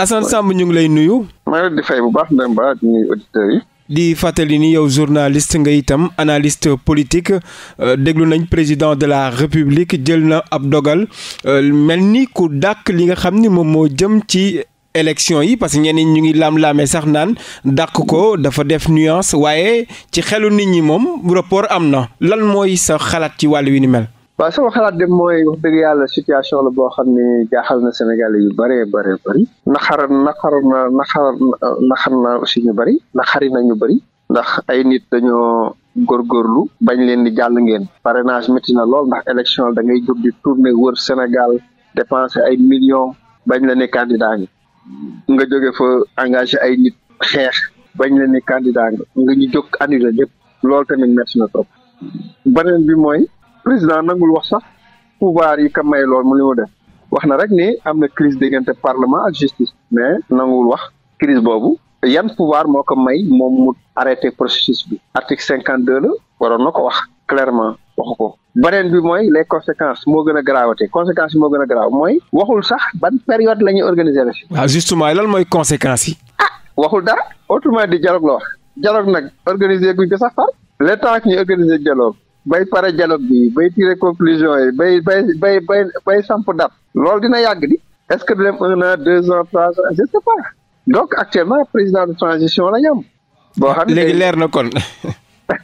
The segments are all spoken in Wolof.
Assane Samb ñu ngi lay nuyu. maa di fay baax Ndemba fàttali ni yow journaliste nga itam analiste politique euh, déglu nañ président de la république jël na ab dogal euh, mel ni ku dàq li nga xam ni moom moo jëm ci élection yi parce que ñenn ñu ngi laam-laamee sax naan dàq ko dafa def nuance waaye ci xelu nit ñi moom rapport am na lan mooy sa xalaat ci wàll wi ni mel. waaw sama xalaat de mooy wax dëgg yàlla situation la boo xam ne jaaxal na Sénégalais yu bëree bëree bëri naxar naxar na naxar naxar na aussi ñu bëri naxari na ñu bëri ndax ay nit dañoo góorgóorlu bañ leen di jàll ngeen parenage metti na lool ndax élection da ngay jóg di tourner wër Sénégal dépenser ay million bañ la ne candidat nga nga jóge fa engagé ay nit xeex bañ la ne candidat nga nga ñu jóg annuler lépp loolu tamit métti na trop beneen président nangul wax sax pouvoir yi ka may lool mu li mu def wax na rek ni am na crise diggante parlement ak justice mais nangul wax crise boobu yan pouvoir moo ko may moom mu arrêté processus bi article cinquante deux la waroon na ko wax clairement waxu ko beneen bi mooy les conséquences moo gën a graawate conséquences yi moo gën a graaw mooy waxul sax ban période la ñuy organiser la si waaw ah, lan mooy conséquences yi ah waxul dara autrement dit dialogue la wax dialogue nag organiser guñ ko sax far le temps que ñuy bay pare dialogue bi bay tiré conclusion yi bay bay bay bay bay samp dab loolu dina yàgg di est-ce que du na un an deux ans trois ans je sais pas donc actuellement président de transition la ñu am. boo xam ne leer na kon.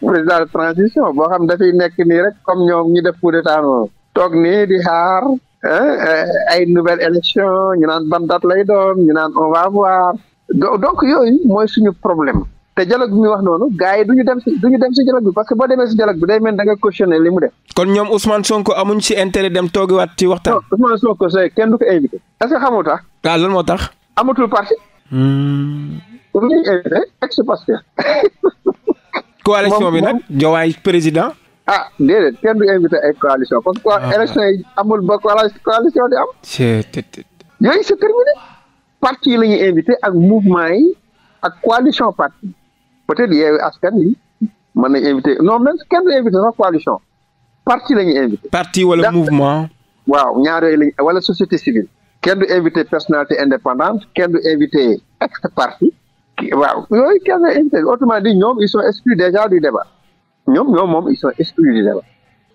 président de transition boo xam dafay nekk nii rek comme ñoom ñu def coup d'état noonu toog nii di xaar eh, ay nouvelle élection ñu naan ban date lay doon ñu naan on va voir donc yooyu mooy suñu problème. te dialogue bi muy wax noonu gars yi du ñu dem si du ñu dem si dialogue bi parce que boo demee si dialogue bi day mel da nga cautionné li mu def. kon ñoom Ousmane Sonko amuñ si intérêt dem toogiwaat ci waxtaan. non Ousmane Sonko sooy kenn du ko invité. est ce que xamoo tax. waaw ah, lan moo tax. amatul parti. Hmm. pour ñu invité ex Pastef. coalition bi nag Diomaye président. ah déedéet kenn du invité ay coalition parce que ah. élection yi amul ba coalition di am. yooyu c'est terminé. parti yi la ñuy invité ak mouvement yi ak coalition parti. peut-être yeewu askan wi mën nañ invité non même kenn du invité sax coalition parti la ñuy invité. parti wala mouvement. waaw ñaar yooyu lañ wala société civile. kenn du invité personnalité indépendante kenn du invité ex waaw yooyu kenn du invité autrement dit ñoom ils sont exclus déjà du débat ñoom ñoom moom ils sont exclus du débat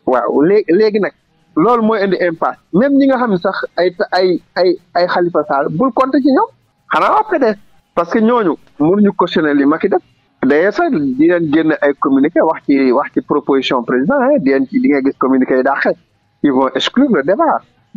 waaw léegi léegi nag. loolu mooy indi impasse même ñi nga xam ne sax ay ay ay ay Khalifa Sall bul ci ñoom xanaa waa PDS parce que ñooñu mënuñu cautionner li Macky def d'ailleurs sax di génn ay communiqué wax ci wax ci proposition président di ci di nga gis communiqué yi daa xëy ils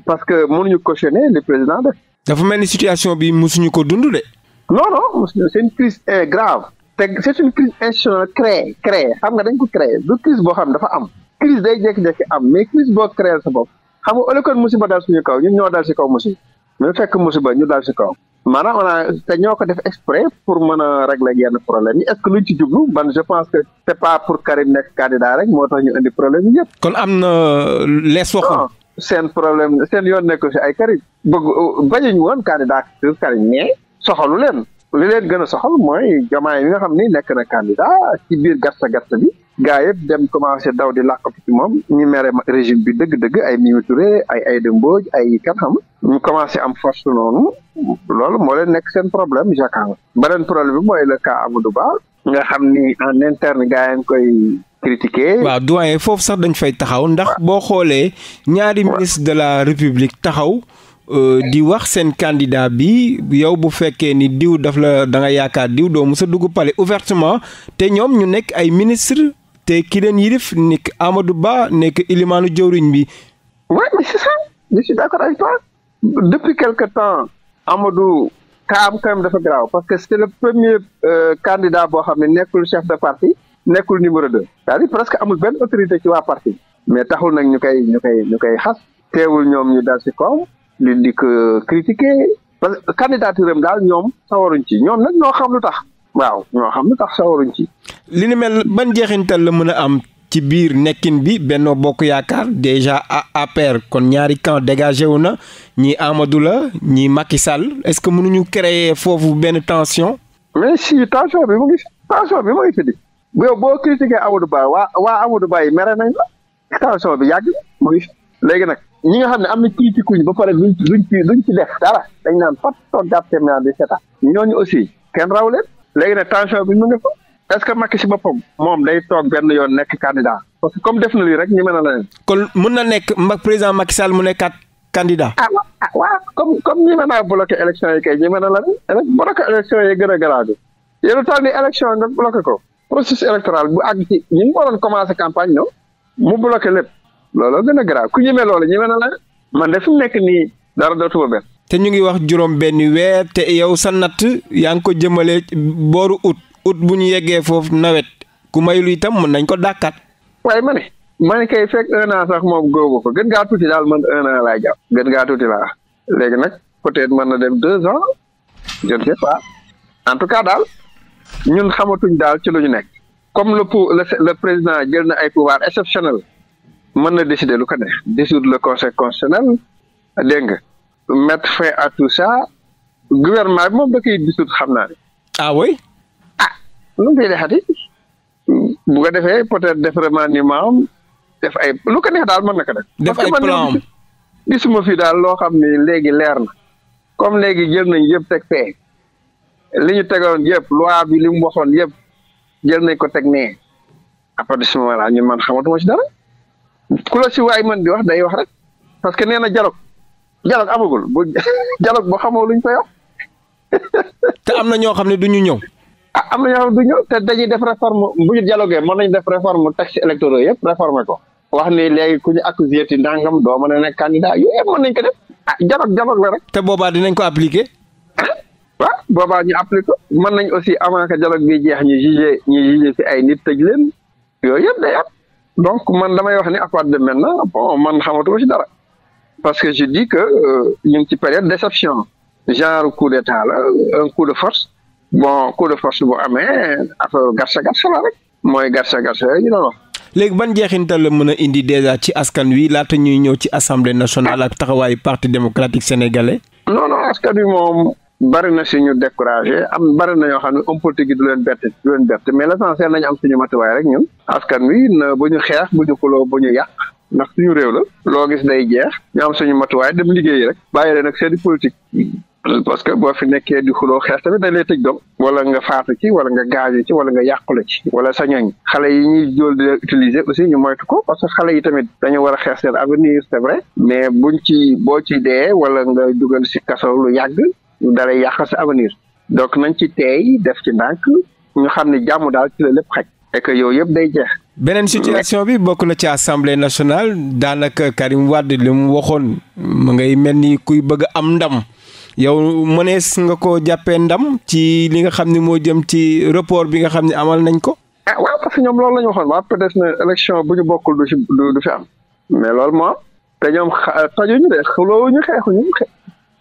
parce que mënuñu cautionner le président def. dafa mel ni situation bi mosuñu ko dund de. non non c'est une crise eh, grave te c'est une crise institutionnelle créée créée xam nga dañ ko créé du crise boo xam dafa am crise day jékki-jékki am mais crise boo créé sa bopp xam nga ëllëgoon musiba dal suñu kaw ñun ñoo dal si kaw musiba mais fekk musiba ñu dal si kaw. maanaam maanaam te ñoo ko def exprès pour mën a régler yenn problème yi est-ce que luñ ci jublu ban je pense que c'est pas pour Karim nekk candidat rek moo tax ñu indi problème yi yëpp. kon am na euh, lees waxoon. seen problème seen yoon nekk si ay Karim bëgg euh, bañuñu woon candidat Karim mais soxalu leen li leen gën a soxal mooy Diomaye mi nga xam ni nekk na candidat ci biir gàtt gàtt bi. gaa yëpp dem commencé daw di làkkatu ci moom ñu mere régime bi dëgg-dëgg ay Mimi Touré ay Aïda Mbodj ay kan xam ñu commencé am force noonu loolu moo leen nekk seen problème jacquard beneen problème bi mooy le cas Amadou Ba nga xam ni en interne gaa yi koy critiquer waaw doyen foofu sax dañ fay taxaw ndax boo xoolee ñaari ministre de la République taxaw Uh, di wax seen candidat bi yow bu fekkee ni diw daf la da nga yaakaar diw doo mës a dugg ouvertement te ñoom ñu nekk ay ministre te ki leen yilif nekk Amadou Ba nekk ilimaanu jëwriñ bi. oui mais c'est ça a suis depuis quelque temps amadu kaam kaam dafa garaaw parce que c'est le premier euh, candidat boo xam ne nekkul chef de parti nekkul numéro de c'est-à-dire presque amul benn autorité ci waa parti mais taxul nag ñu koy ñu koy ñu koy xas teewul ñoom ñu dal ci kaw li di ko parce que candidature am daal ñoom sawaruñ ci ñoom nag ñoo xam lu tax waaw ñoo xam ne tax sawaruñ ci. li ni mel ban jeexintal la mën a am ci biir nekkin bi Benno Bokk Yaakaar déjà APR kon ñaari camp dégagé wu na ñii Amadou la ñii Macky Sall est-ce que mënuñu créer foofu benn tension. mais si tension bi mu ngi tension bi mu ngi fi di boo boo critiqué Amadou waa waa Amadou Ba yi mere nañ la tension bi yàgg mu ngi léegi nag ñi nga xam ne am na critique ba pare duñ ci ci def dara dañ naan fat toog jàpp seen naan di seetaan ñooñu aussi kenn léegi nag tension bi mu ngi fa est-ce que Macky si boppam moom day toog benn yoon nekk candidat parce que comme def na lii rek ñu mën a la leen. kon mun na nekk mag président Macky Sall mu nekkaat candidat. ah waaw ah comme comme ñi na a bloqué élection yi kay ñi mën a la leen bloqué élection yi gën a garaaw bi yow lu tax ni élection nga bloqué ko processus électoral bu àgg ci ñi mu waroon commencé campagne ñëw mu bloqué lépp looloo gën a garaaw ku ñemee loolu ñi mën a la man de fi mu nekk nii dara dootu ba te ñu ngi wax juróom benn weer te yow sa natt yaa ngi ko jëmale booru ut ut bu ñu yeggee foofu nawet ku maylu itam mën nañ ko dàkkaat waaye ma ne ma ne kay fekk un an sax moom góobu ko gën gaa tuuti daal man un laay jàpp gën ngaa tuuti laa léegi nag peut-être mën na dem deux ans je ne sais en tout cas daal ñun xamatuñ daal ci lu ñu nekk comme la pour la président jël na ay pouvoir exceptionnel mën na décider lu ko neex dissoudre le conseil constitutionnel dégg nga mettre fin à tout ça gouvernement bi moom da koy dissoudre xam naa ne. ah oui. Ah, nu mu koy defati bu defee peut-être def remaniement am def ay lu ko neex daal mën na ko def. def ay plan gisuma fi daal loo xam ne léegi leer na comme léegi jël nañ yëpp teg fee li ñu tegoon yëpp loi bi li mu waxoon yëpp jël nañ ko teg nee à partir de man xamatuma ci dara ku si waay mën di wax day wax rek parce que nee na dialogue amagul bu dialogue boo xamoo luñ koy wax. te am na ñoo xam ne du ñu ñëw. ah am na ñoo du ñëw te dañuy def réforme bu ñu dialogué mën nañu def réforme texte électoraux yëpp réformé ko. wax ni léegi ku ñu accusé ti ndàngam doo mën a nekk candidat yooyu yëpp mën nañ ko def ah dialogue dialogue la rek. te boobaa dinañ ko appliquer. Ah, boobaa ñu appliqué mën nañ aussi avant que dialogue jeex ñu jugé ay nit tëj leen yooyu yëpp day am donc man damay wax ni à na de maintenant bon man xamatuma si dara. parce que je dis que ñu ngi ci période déception genre coup d'état la euh, un coup de force bon coup de force bu amee affaire garsa garsa la rek mooy garsa garsa yi ñu doon léegi ban jeexintal la mën a indi déjà ci askan wi laata ñuy ñëw ci assemblée nationale ak taxawaayu parti démocratique sénégalais. non non askan wi moom. bari na si ñu découragé am bari na ñoo xam ne homme leen bett du leen bett mais l'essentiel nañu am suñu matuwaay rek ñun askan wi na bu ñu xeex bu ñu xuloo bu ñu yàq ndax suñu réew la loo gis day jeex ñu am suñu matuwaay dem liggéeyi rek bàyyi leen ak seeni politique parce que boo fi nekkee di xuloo xeex tamit dañ lay tëj doom wala nga faatu ci wala nga gaañu ci wala nga yàqule ci wala sa ñooñ xale yi ñuy jóol utiliser aussi ñu moytu ko parce que xale yi tamit dañu war a xeex seen avenir c'est vrai mais buñ ci boo ci dee wala nga dugal si kaso lu yàgg dalay yàqal sa avenir donc nañ ci teey def ci ndànk ñu xam ne jàmm daal ci la lépp xaj et que yooyu yëpp day jeex beneen situation bi bokk na ci assemblée nationale daanaka Karim Wade li mu waxoon ma ngay mel ni kuy bëgg am ndam yow mënees nga ko jàppee ndam ci li nga xam ni moo jëm ci report bi nga xam ne amal nañ ko. ah waaw parce que ñoom loolu la ñu waxoon waa peut na ne bu ñu bokkul du du fi am mais loolu moom te ñoom tojuñu de xulóowuñu xeexuñu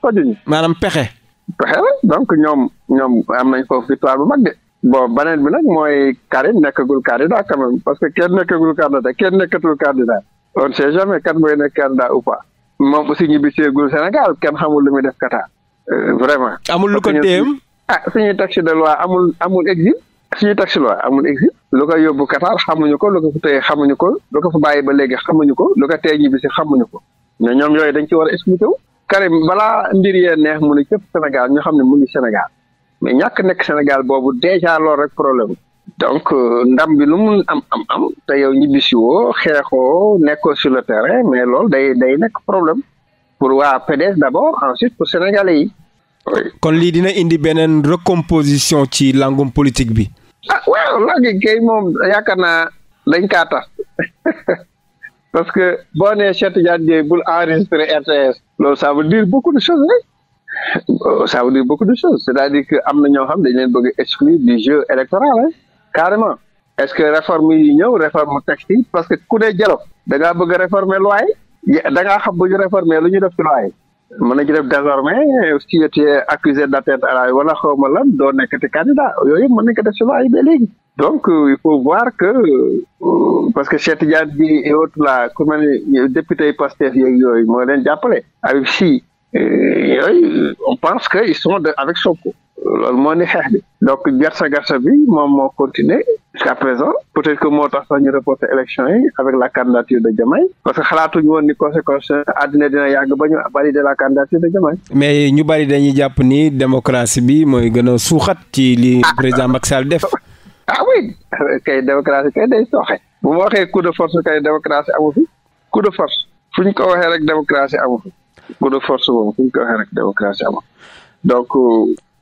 tojuñu. maanaam pexe. pexe la donc ñoom ñoom am nañ foofu victoire bu mag de. bon beneen bi nag mooy Karim nekkagul candidat quand même parce que kenn nekkagul candidat kenn nekkatul candidat on ne sait jamais kan mooy nekk candidat ou pas moom aussi ñu biseegul Sénégal kenn xamul lu muy def Qatar euh, vraiment. amul lu ko téem ah suñuy texte de loi amul amul exil suñuy texte loi amul exil lu ko yóbbu Qatar xamuñu ko lu téye xamuñu ko lu ko fa bàyyi ba léegi xamuñu ko lu ko téye ñibbi si xamuñu ko mais ñoom yooyu dañ ci war a expliqué wu. Karim balaa mbir yee neex mu ne cëpp Sénégal ñu xam ne mu Sénégal. mais ñàkk nekk Sénégal boobu déjà loolu rek problème donc euh, ndam bi lu mun am am am te yow ñibbisi woo xeexoo nekkoo sur le terrain mais lool day day nekk problème pour waa PDS d'abord ensuite pour sénégalais kon lii dina indi beneen recomposition ci langum politique bi. ah waaw léegi kay moom yaakaar naa dañ kaa parce que boo ne Cheikh Tidiane Dièye bul enregistré RTS loolu ça veut dire beaucoup de choses rek. ça veut dire beaucoup de choses c'est-à-dire que am na ñoo xam dañ leen bëgg a exclure du jeu électoral hein carrément est-ce que réforme yi ñëw réforme texte yi parce que ku dee dialogue da ngaa bëgg a réformer loi yi da ngaa xam bu ñu réformer lu ñu def ci loi yi mën nañu def désormais si tu es accusé d'atteinte à la wala xawma lan doo nekkati candidat yooyu mën nañu ko def ci loi yi ba donc euh, il faut voir que euh, parce que Cheikh Tidiane bi et autres là ku mel ni député yi Pastef yeeg yooyu moo leen jàppale ay si Eh, yooyu on pense que ils sont avec Sonko loolu moo ni xeex bi donc garsa garsa bi moom moo continuer jusqu'à présent peut-être que moo tax sax ñu reporter élection yi avec la candidature de Diomaye parce que xalaatuñ woon ni conséquence àddina dina yàgg ba ñu valider la candidature de Diomaye mais ñu bari dañuy jàpp ni démocratie bi mooy gën a suuxat ci li ah, ah. président Macky Sall def ah oui kay démocratie kay day sooxe bu ma waxee coup de force kay démocratie amu fi de force fu ñu ko waxee rek démocratie amu fi bu de force boobu fu ñu ko rek démocratie donc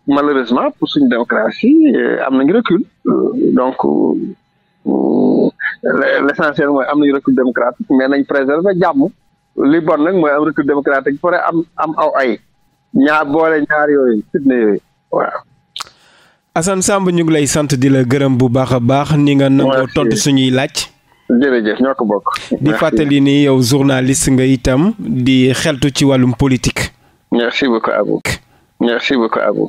malheureusement pour suñu démocratie euh, am nañu recul euh, donc euh, l' essentiel mooy am nañu recul démocratique mais nañ préserver jàmm li bon nag mooy am recul démocratique pare am am aw ay ñaar boole ñaar yooyu fitna yooyu waaw Assane Samb ñu ngi lay sant di la gërëm bu baax a baax ni nga nangoo tontu suñuy laaj bokk. di fàttali ni yow journaliste nga itam di xeltu ci wàllum politique. merci beaucoup Abou.